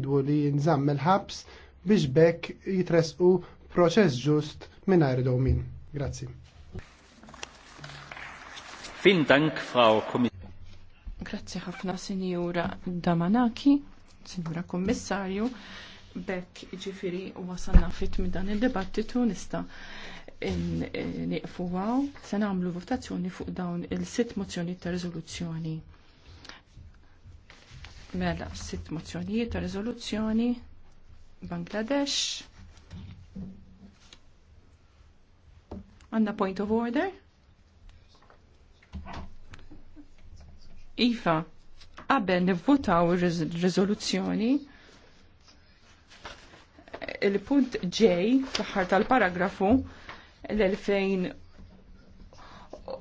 jgħidu li nżammel il-ħabs biex bekk jitresqu proċess ġust mingħajr min. Grazzi. Fin dank, Frau Grazzi ħafna, Sinjura Damanaki, Sinjura Kommissarju, bekk ġifiri wasalna fit minn dan il-debattitu nista niqfu għaw, se nagħmlu votazzjoni fuq dawn il sit mozzjoni ta' riżoluzzjoni mela sitt mozzjonijiet ta' riżoluzzjoni Bangladesh. Għanna point of order. Iva, qabel nivvutaw riżoluzzjoni il-punt J fl-aħħar tal-paragrafu l-2000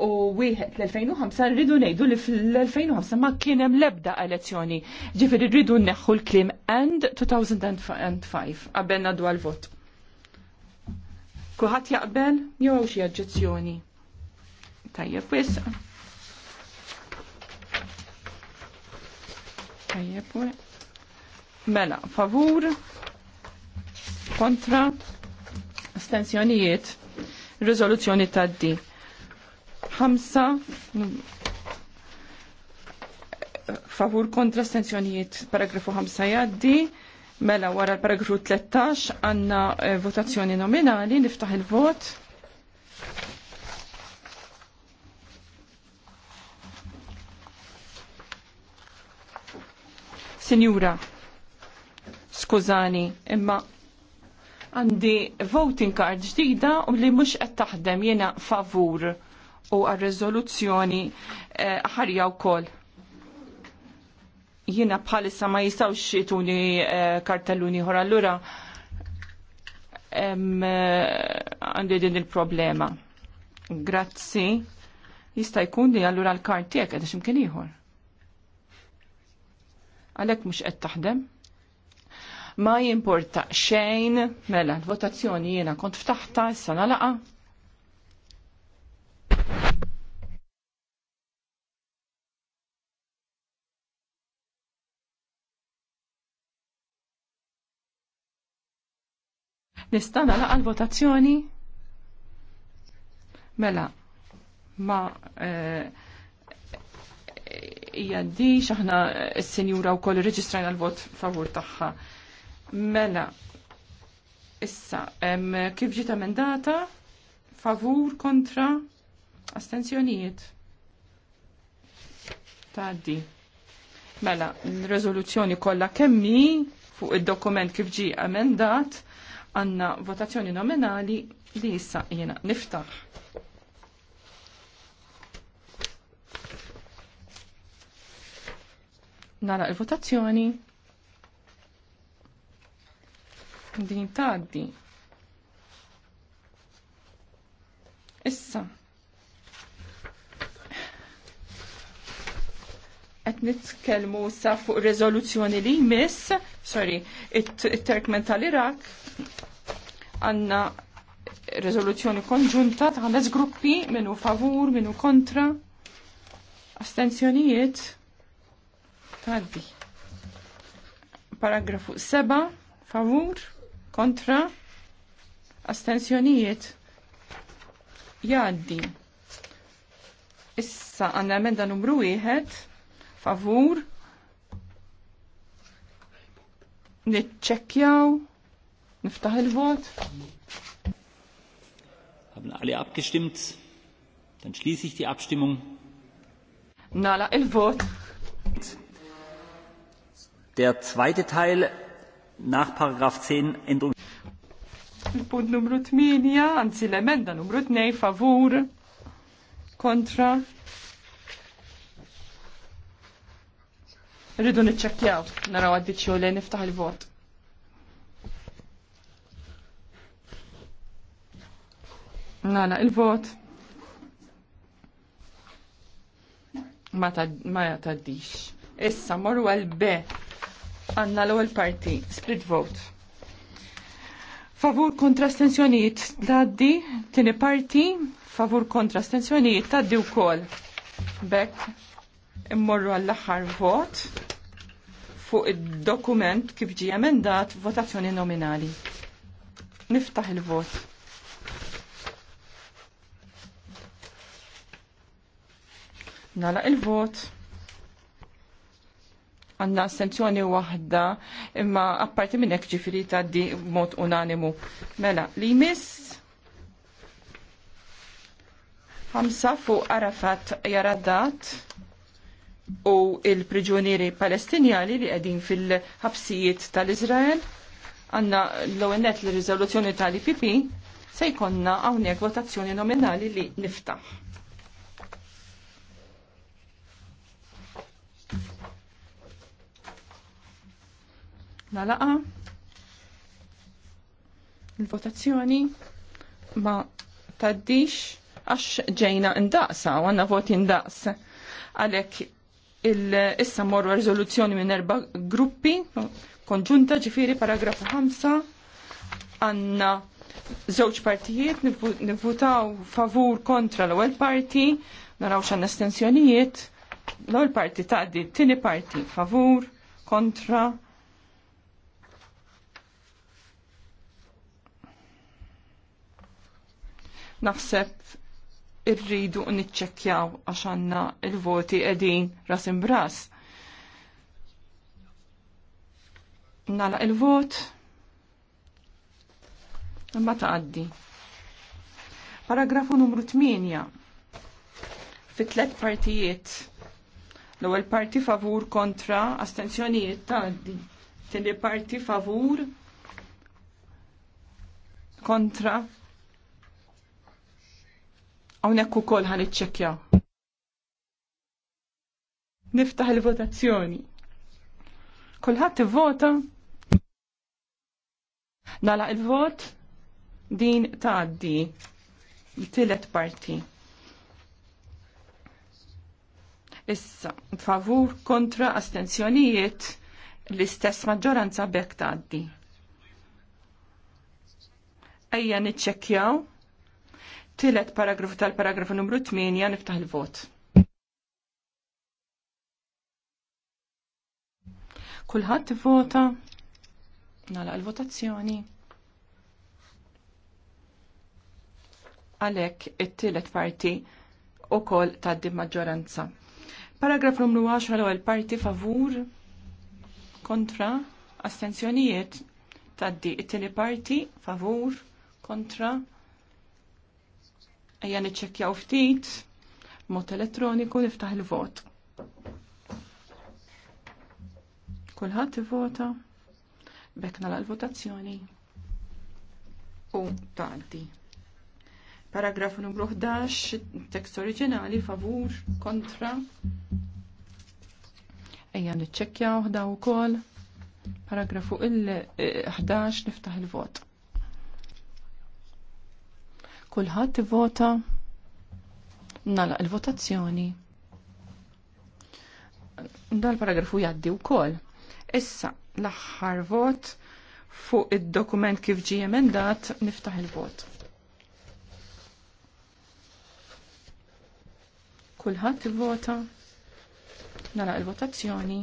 u wieħed l-2005 rridu ngħidu li fl-2005 ma kien hemm l-ebda elezzjoni. Ġifieri rridu nneħħu l-klim end 2005 qabel nadu għal-vot. Kulħadd jaqbel jew xi oġġezzjoni. Tajjeb wisq. Tajjeb Mela, favur, kontra, astensjonijiet, riżoluzzjoni tad-di. Ħamsa favur kontra stenzjonijiet paragrafu 5 jaddi. Mela wara l-paragrafu 13 għanna eh, votazzjoni nominali, niftaħ il-vot. Sinjura, skużani, imma għandi voting card ġdida u li mhux qed taħdem jiena favur u għal-rezoluzzjoni eh, ħarja u kol. Jina bħalissa ma jistaw xituni eh, kartelluni l allura eh, għandi din il-problema. Grazzi. Jista' jkun din allura l-kartijek għedha ximkien ieħor. Għalhekk mhux qed taħdem. Ma jimporta xejn, mela, l-votazzjoni jiena kont ftaħta, issa nalaqa' Nistana laqa l-votazzjoni? Mela, ma eh, hija di xaħna s-senjura u koll reġistrajna l-vot favur taħħa. Mela, issa, kif ġiet emendata? Favur, kontra, astenzjonijiet? Taddi. Mela, l-rezoluzzjoni kollha kemmi fuq id-dokument kif ġie emendat għanna votazzjoni nominali li jissa jena niftaħ. Nara il-votazzjoni din taddi nitkellmu sa fuq rezoluzzjoni li jmiss, sorry, it-Turkmen tal-Irak għandna riżoluzzjoni konġunta ta' ħames gruppi minnu favur, minnu kontra, astenzjonijiet tgħaddi. Paragrafu 7, favur, kontra, astenzjonijiet Jaddi. Issa għanna emenda numru 1 favur Nitċekjaw. niftaħ il-vot Haben alle abgestimmt dann schließe ich die Abstimmung Nala il-vot Der zweite Teil nach Paragraph 10 Änderung Il-punt numru 8, anzi l-emenda numru 2 favur kontra Rridu niċċekkjaw, naraw għaddiċċju li niftaħ il-vot. Nala, il-vot. Ma jataddix. Issa, morru għal-B. Għanna l-ewwel parti, split vote. Favur kontra stenzjoniet taddi, tini parti, favur kontra stenzjoniet taddi u kol. Bek, immorru għall-axar vot fuq id-dokument kif ġie emendat votazzjoni nominali. Niftaħ il-vot. Nala il-vot. Għanna assenzjoni wahda imma apparti minn hekk ġifieri tgħaddi mod unanimu. Mela, li miss ħamsa fuq Arafat jaradat u il-priġunieri palestinjani li qegħdin fil-ħabsijiet tal-Iżrael għanna l-ONET l-rizoluzjoni tal-IPP se jkonna hawnhekk votazzjoni nominali li nifta. Nalaqa il-votazzjoni ma taddix għax ġejna indaqsa u għanna voti indaqs għalek issa morru rizoluzzjoni minn erba gruppi konġunta ġifiri paragrafu 5 għanna żewġ partijiet nivvutaw favur kontra l-ewwel parti naraw xan estensjonijiet l-ewwel parti taħdi t-tieni parti favur kontra naħseb irridu niċċekkjaw għax għandna il-voti qegħdin ras imbras. Nala il-vot imma taqaddi. Paragrafu numru 8 fit tlet partijiet l-ewwel parti favur kontra astenzjonijiet tgħaddi. Tieni parti favur kontra Hawnhekk ukoll għan iċċekja. Niftaħ il-votazzjoni. Kulħadd vota Nala il-vot din tgħaddi il tillet parti. Issa, favur kontra astenzjonijiet l-istess maġġoranza bekk tgħaddi. Ejja niċċekkjaw Tilet paragrafu tal-paragrafu numru 8 niftaħ il-vot. Kulħadd vota nagħlaq il-votazzjoni. Għalhekk it-tielet parti ukoll tgħaddi maġġoranza. Paragraf numru 10 l-ewwel parti favur kontra astenzjonijiet tgħaddi it-tieni parti favur kontra Ejja niċċekkjaw ftit, mod elettroniku niftaħ il-vot. Kulħadd ivota, bekna l votazzjoni u tardi. Paragrafu numru 11, tekst oriġinali favur kontra. Ejja niċċekkjaw ħdaw ukoll. Paragrafu il-11 niftaħ il-vot. Kulħadd ivota nagħlaq il-votazzjoni. Dal-paragrafu jgħaddi wkoll. Issa l-aħħar vot fuq id-dokument kif ġie emendat niftaħ il-vot. Kulħadd ivota nagħlaq il-votazzjoni.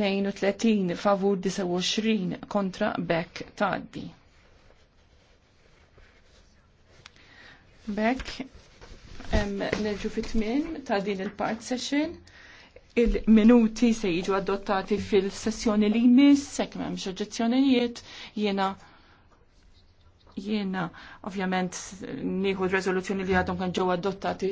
32 favur 29 kontra Beck taddi. Beck, nerġu fit-tmien ta' din il-part session il-minuti se jiġu adottati fil-sessjoni li jmiss, sekk m'hemmx oġġezzjonijiet, jiena jiena ovvjament nieħu r-reżoluzzjoni li għadhom kan ġew adottati